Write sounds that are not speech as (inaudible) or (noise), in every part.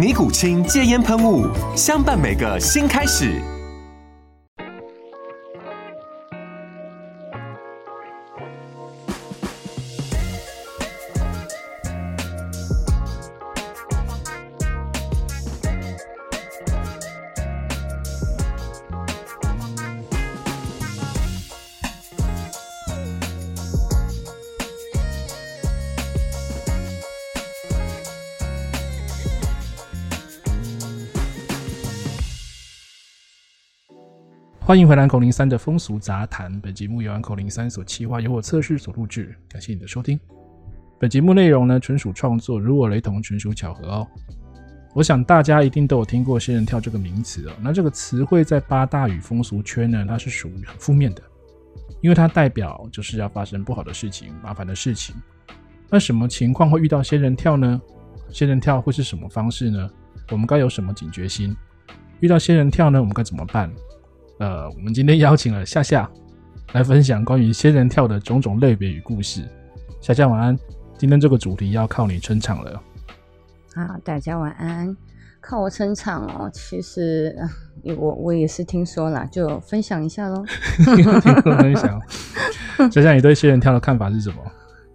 尼古清戒煙噴霧，相伴每個新開始。歡迎回來 Uncle03 的風俗雜談。本節目由 Uncle03 所企劃，由我策士所錄製。感謝你的收聽。本節目內容呢，純屬創作，如果雷同，純屬巧合哦。我想大家一定都有聽過“仙人跳”這個名詞哦。那這個詞彙在八大與風俗圈呢，它是屬於很負面的，因為它代表就是要發生不好的事情、麻煩的事情。那什麼情況會遇到仙人跳呢？仙人跳會是什麼方式呢？我們該有什麼警覺心？遇到仙人跳呢，我們該怎麼辦？呃，我們今天邀請了夏夏來分享關於仙人跳的種種類別與故事。夏夏晚安，今天這個主題要靠你撐場了。好，大家晚安，靠我撐場哦。其實、呃、我我也是聽說啦，就分享一下嘍。分 (laughs) 享，夏夏，你對仙人跳的看法是什麼？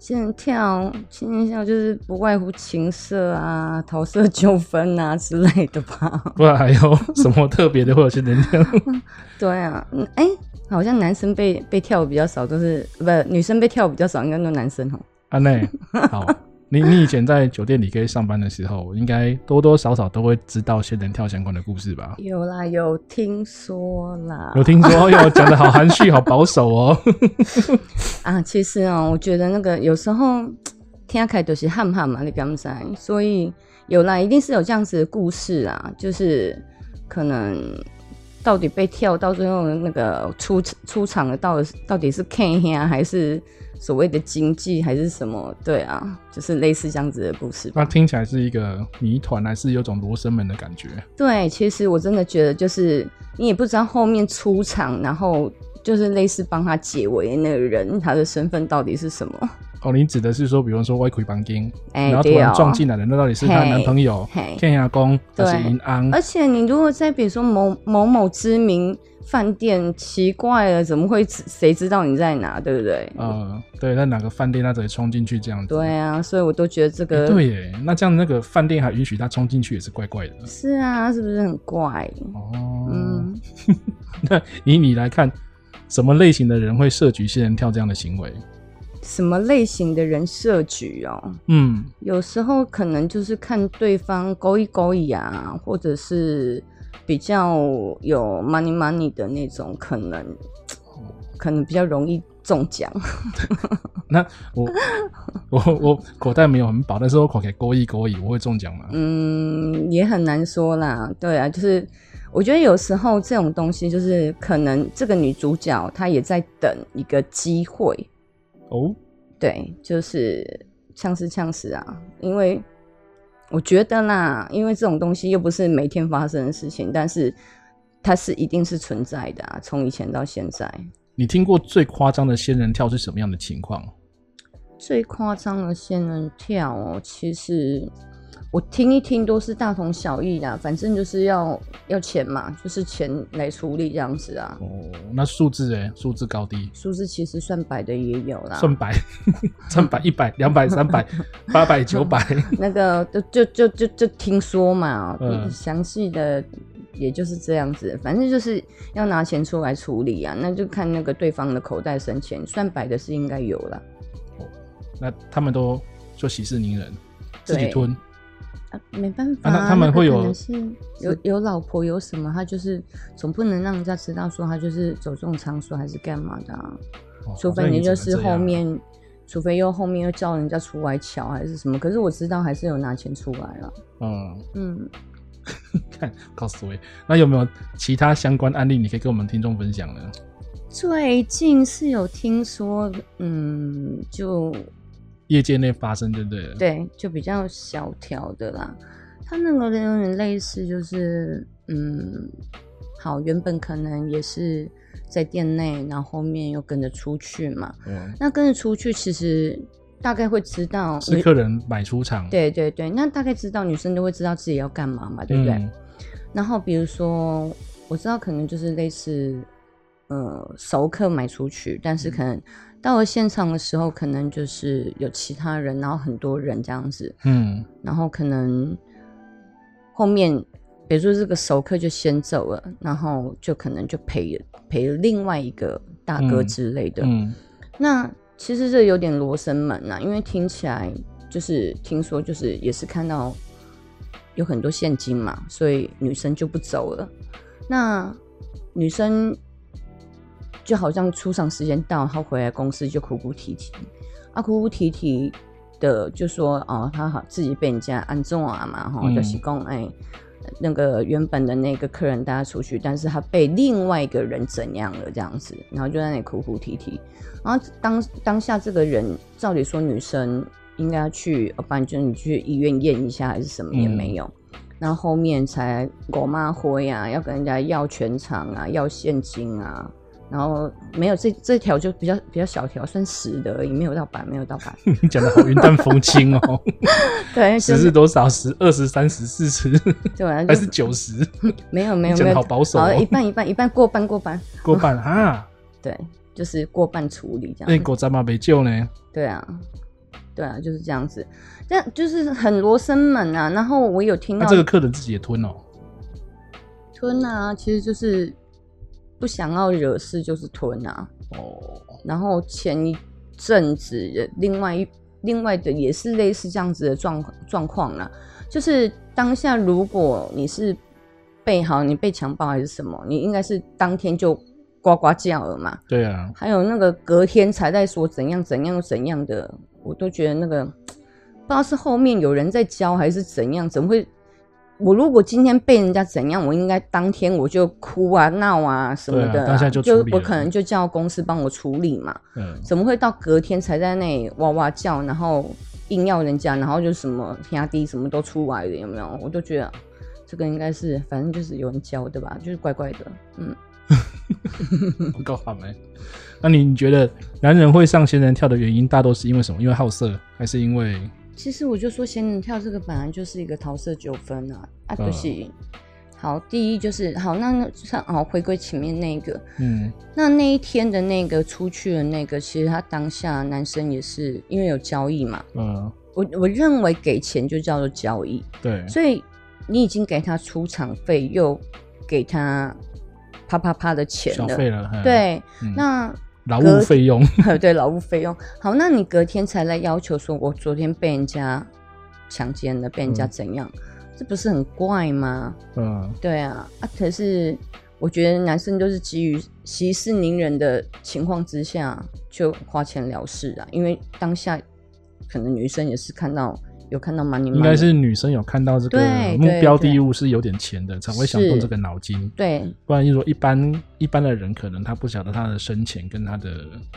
現在跳，仙人跳就是不外乎情色啊、桃色糾紛啊之類的吧？不然還有什麼特別的會是仙人跳？ (laughs) 對啊，哎、欸，好像男生被被跳的比較少，就是，都是不，女生被跳的比較少，應該都男生吼。阿、啊、內，好。 (laughs) 你你以前在酒店裡可以上班的時候，啊、應該多多少少都會知道仙人跳相關的故事吧？有啦，有聽說啦，有聽說喲，講得 (laughs) 好含蓄，好保守哦、喔。啊，其實哦、喔，我覺得那個有時候聽起來都是憨憨嘛，你剛才所以有啦，一定是有這樣子的故事啊，就是可能到底被跳到最後那個出出場的，到底是 K 呀，還是？所謂的經濟還是什麼？對啊，就是類似這樣子的故事。那聽起來是一個謎團，還是有種羅生門的感覺？對，其實我真的覺得，就是你也不知道後面出場，然後就是類似幫他解圍那個人，他的身份到底是什麼？哦，你指的是說，比如說外奎邦金，然後突然撞進來的，哦，那到底是他的男朋友？天下公，還是雲安？而且，你如果在比如說某某某知名。飯店奇怪了，怎麼會？誰知道你在哪，對不對？嗯、呃，對，在哪個飯店，他直接衝進去這樣子。對啊，所以我都覺得這個、欸、對耶。那這樣那個飯店還允許他衝進去，也是怪怪的。是啊，是不是很怪？哦，嗯。 (laughs) 那以你來看，什麼類型的人會設局、仙人跳這樣的行為？什麼類型的人設局哦？嗯，有時候可能就是看對方勾一勾一啊，或者是。比較有 money money 的那種，可能可能比較容易中獎。 (laughs) 那我我我口袋沒有很飽，但是我口袋勾一勾以我會中獎嗎？嗯，也很難說啦。對啊，就是我覺得有時候這種東西，就是可能這個女主角她也在等一個機會。哦、oh?，對，就是嗆死嗆死啊，因為。我覺得啦，因為這種東西又不是每天發生的事情，但是它，是一定是存在的啊，從以前到現在。你聽過最誇張的仙人跳是什麼樣的情況？最誇張的仙人跳其實。我聽一聽都是大同小異的，啊，反正就是要要錢嘛，就是錢來處理這樣子啊。哦，那數字哎，數字高低？數字其實算百的也有啦，算百，算百一百、兩百、三百、八百、九百。那個都就就就就聽說嘛，詳、呃、細的也就是這樣子，反正就是要拿錢出來處理啊，那就看那個對方的口袋深淺，算百的是應該有了。哦，那他們都就息事寧人，自己吞。沒辦法啊，他們會有，有，有老婆有什麼？他就是總不能讓人家知道說他就是走這種場所還是幹嘛的、啊哦、除非你就是後面、啊，除非又後面又叫人家出來喬還是什麼？可是我知道還是有拿錢出來了、哦。嗯嗯，看，告訴我，那有沒有其他相關案例你可以跟我們聽眾分享呢？最近是有聽說，嗯，就。業界內發生，對對？對，就比較小條的啦。他那個有點類似，就是嗯，好，原本可能也是在店內，然後後面又跟着出去嘛。嗯。那跟着出去，其實大概會知道是客人買出場。對對對，那大概知道女生都會知道自己要幹嘛嘛，對不對？嗯。然後比如說，我知道可能就是類似，呃，熟客買出去，但是可能。嗯。到了現場的時候，可能就是有其他人，然後很多人這樣子，嗯，然後可能後面比如說這個熟客就先走了，然後就可能就陪陪另外一個大哥之類的，嗯，嗯，那其實這有點羅生門啊，因為聽起來就是聽說就是也是看到有很多現金嘛，所以女生就不走了，那女生。就好像出場時間到，他回來公司就哭哭啼啼，啊哭哭啼啼的就說哦，他好自己被人家按中啊嘛哈、嗯，就是說、欸、那個原本的那個客人帶他出去，但是他被另外一個人怎樣了這樣子，然後就在那裡哭哭啼啼，然後當當下這個人照理說女生應該去，哦不，就是你去醫院驗一下還是什麼也沒有，嗯，然後後面才狗罵灰啊，要跟人家要全場啊，要現金啊。然後沒有這這條就比較比較小條，算十的而已，沒有到百，沒有到百。 (laughs) 你講的好雲淡風輕哦。 (laughs) 對，十、就是十是多少時？十、二十、三十、四十，對，還是九十？沒有沒有沒有。真的好保守哦。好，一半一半一半過半過半過半啊。哈 (laughs) 對，就是過半處理這樣。那果咋嘛沒救呢？對啊，對啊，就是這樣子。但就是很羅生門啊。然後我有聽到、啊、這個客人自己也吞哦，吞啊，其實就是。不想要惹事就是吞啊，哦、oh。然後前一陣子另外一另外的也是類似這樣子的狀狀況啦，就是當下如果你是被好，你被強暴還是什麼，你應該是當天就呱呱叫了嘛。對啊。還有那個隔天才在說怎樣怎樣怎樣的，我都覺得那個不知道是後面有人在教還是怎樣，怎麼會？我如果今天被人家怎樣，我應該當天我就哭啊、鬧啊什麼的、啊啊就，就我可能就叫公司幫我處理嘛、嗯。怎麼會到隔天才在那裡哇哇叫，然後硬要人家，然後就什麼下力什麼都出來了，有沒有？我都覺得、啊、這個應該是，反正就是有人教的吧，就是怪怪的。嗯。我夠寒欸！那你你覺得男人會上仙人跳的原因，大多是因為什麼？因為好色，還是因為？其實我就說，仙人跳這個本來就是一個桃色糾紛啊！啊不起，uh, 好，第一就是好，那那哦，回歸前面那個，嗯，那那一天的那個出去的那個，其實他當下男生也是因為有交易嘛，嗯、uh,，我我認為給錢就叫做交易，對，所以你已經給他出場費，又給他啪啪啪的錢了，了呵呵對、嗯，那。勞務費用， (laughs) 用，對勞務費用。好，那你隔天才來要求說，我昨天被人家強姦了，被人家怎樣？嗯，這不是很怪嗎？嗯，對啊。啊，可是我覺得男生都是基於息事寧人的情況之下，就花錢了事啊。因為當下可能女生也是看到。有看到嗎？你應該是女生有看到這個目標標的物是有點錢的，才會想動這個腦筋。對，不然就是說一般一般的人，可能他不曉得他的深淺跟他的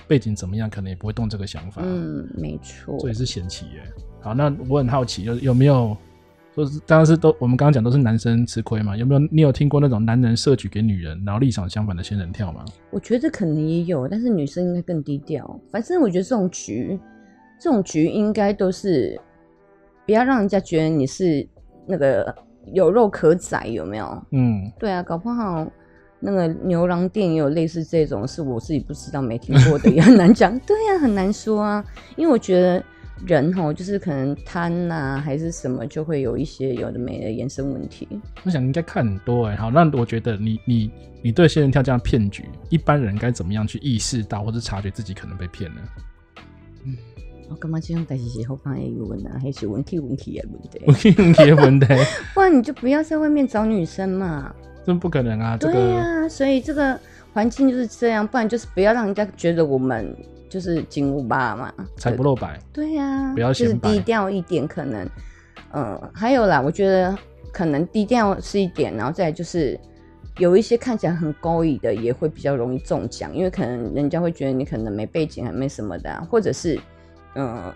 背景怎麼樣，可能也不會動這個想法。嗯，沒錯，這也是險棋耶。好，那我很好奇，有有沒有就是當然是都我們剛剛講都是男生吃虧嘛？有沒有你有聽過那種男人設局給女人，然後立場相反的仙人跳嗎？我覺得這可能也有，但是女生應該更低調。反正我覺得這種局，這種局應該都是。不要讓人家覺得你是那個有肉可宰，有沒有？嗯，對啊，搞不好那個牛郎店也有類似這種事，我自己不知道，沒聽過的也很難講。 (laughs) 對啊，很難說啊，因為我覺得人吼就是可能貪吶、啊，還是什麼，就會有一些有的沒的延伸問題。我想應該看很多哎、欸，好，那我覺得你你你對仙人跳這樣騙局，一般人該怎麼樣去意識到或者察覺自己可能被騙呢？我幹嘛就用台式機，後放 A U 文吶，還寫文體文體啊，文不文我文的， (laughs) 不然你就不要在外面找女生嘛。這不可能啊！這個、對呀、啊，所以這個環境就是這樣，不然就是不要讓人家覺得我們就是金屋巴嘛，財不露白。對呀、啊，不要就是低調一點，可能嗯、呃，還有啦，我覺得可能低調是一點，然後再就是有一些看起來很古意的，也會比較容易中獎，因為可能人家會覺得你可能沒背景，還沒什麼的、啊，或者是。嗯、呃，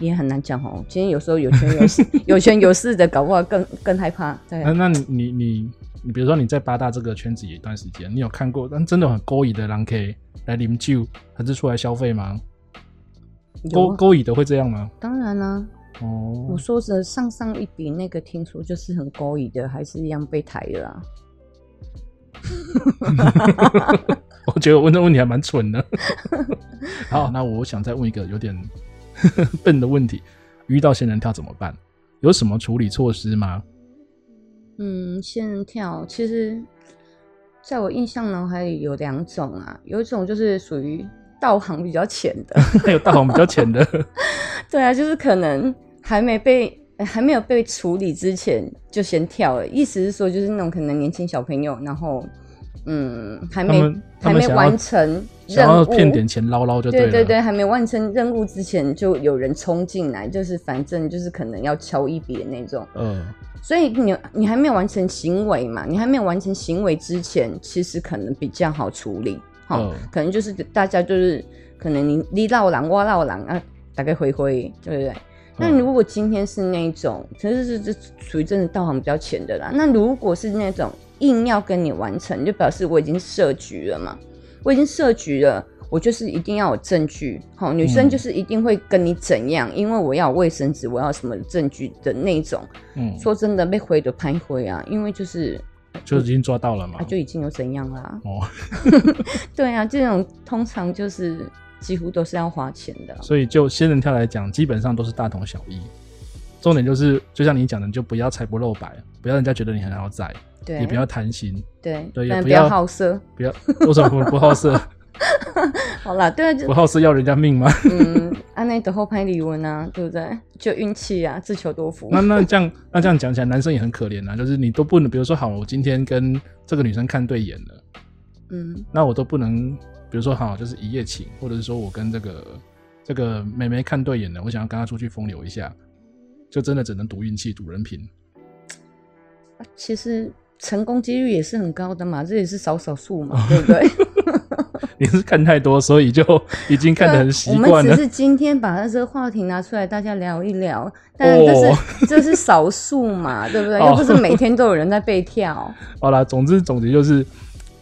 也很難講哦。其實有時候有錢有勢、 (laughs) 有權有勢的，搞不好更更害怕。對啊、那那，你你你，比如說你在八大這個圈子一段時間，你有看過但真的很勾引的狼 K 來領救，還是出來消費嗎？高勾引的會這樣嗎？當然啦、啊。哦，我說是上上一筆那個，聽說就是很勾引的，還是一樣被抬了、啊。啦 (laughs) (laughs) (laughs) 我覺得我問的問題還蠻蠢的。 (laughs) 好，那我想再問一個有點。 (laughs) 笨的問題，遇到仙人跳怎麼辦？有什麼處理措施嗎？嗯，仙人跳其實在我印象腦海裡有兩種啊，有一種就是屬於道行比較淺的， (laughs) 還有道行比較淺的， (laughs) 對啊，就是可能還沒被還沒有被處理之前就先跳了，意思是說就是那種可能年輕小朋友，然後。嗯，還沒還沒完成任務，騙點錢撈撈就對了。對對對，還沒完成任務之前，就有人衝進來，就是反正就是可能要敲一筆的那種。嗯、呃，所以你你還沒有完成行為嘛？你還沒有完成行為之前，其實可能比較好處理，哈、呃，可能就是大家就是可能你你落狼我落狼啊，大概灰灰，對不對、呃？那如果今天是那種，其實是這屬於真的道行比較淺的啦。那如果是那種。硬要跟你完成，就表示我已經設局了嘛，我已經設局了，我就是一定要有證據。好，女生就是一定會跟你怎樣，嗯、因為我要衛生紙，我要什麼證據的那種。嗯，說真的，被灰的拍灰啊，因為就是就已經抓到了嘛、啊，就已經有怎樣啦。哦， (laughs) (laughs) 對啊，這種通常就是幾乎都是要花錢的。所以就仙人跳來講，基本上都是大同小異。重點就是，就像你講的，就不要財不露白，不要人家覺得你很好宰，也不要貪心，對，對也不要好色，不要，多少不 (laughs) 不好色？好啦，對啊就，不好色要人家命嗎？嗯，安內德後拍李文啊，對不對？就運氣啊，自求多福。那那這樣， (laughs) 那這樣講起來，男生也很可憐啊。就是你都不能，比如說，好，我今天跟這個女生看對眼了，嗯，那我都不能，比如說，好，就是一夜情，或者是說我跟這個這個妹妹看對眼了，我想要跟她出去風流一下。就真的只能賭運氣、賭人品。其實成功幾率也是很高的嘛，這也是少少數嘛，哦、對不對？ (laughs) 你是看太多，所以就已經看得很習慣了。我們只是今天把這個話題拿出來，大家聊一聊。但這是、哦、這是少數嘛，哦、對不對？又 (laughs) 不是每天都有人在被跳。哦、好了，總之，總結就是。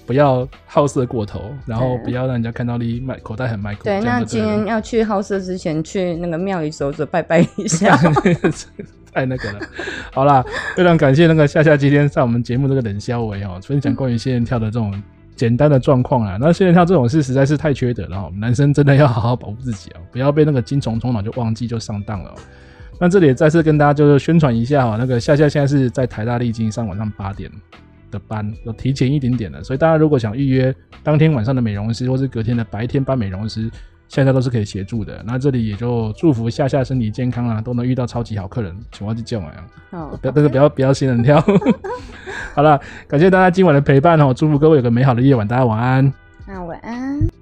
不要好色過頭，然後不要讓人家看到你賣口袋很麥克。對，對，那今天要去好色之前，去那個廟裡走走拜拜一下， (laughs) (laughs) 太那個了。 (laughs) 好啦，非常感謝那個夏夏今天上我們節目這個冷肖維哦， (laughs) 分享關於仙人跳的這種簡單的狀況啊。那仙人跳這種事實在是太缺德了、喔，我們男生真的要好好保護自己哦、喔，不要被那個精蟲衝腦就忘記就上當了、喔。那這裡再次跟大家就是宣傳一下哈、喔，那個夏夏現在是在台大儷晶上晚上八點的班有提前一點點的，所以大家如果想預約當天晚上的美容師，或是隔天的白天班美容師，夏夏都是可以協助的。那這裡也就祝福夏夏身體健康啊，都能遇到超級好客人。請忘記叫我啊，好、okay.，不要、這個、不要不要仙人跳。 (laughs) 好了，感謝大家今晚的陪伴哦，祝福各位有個美好的夜晚，大家晚安。那晚安。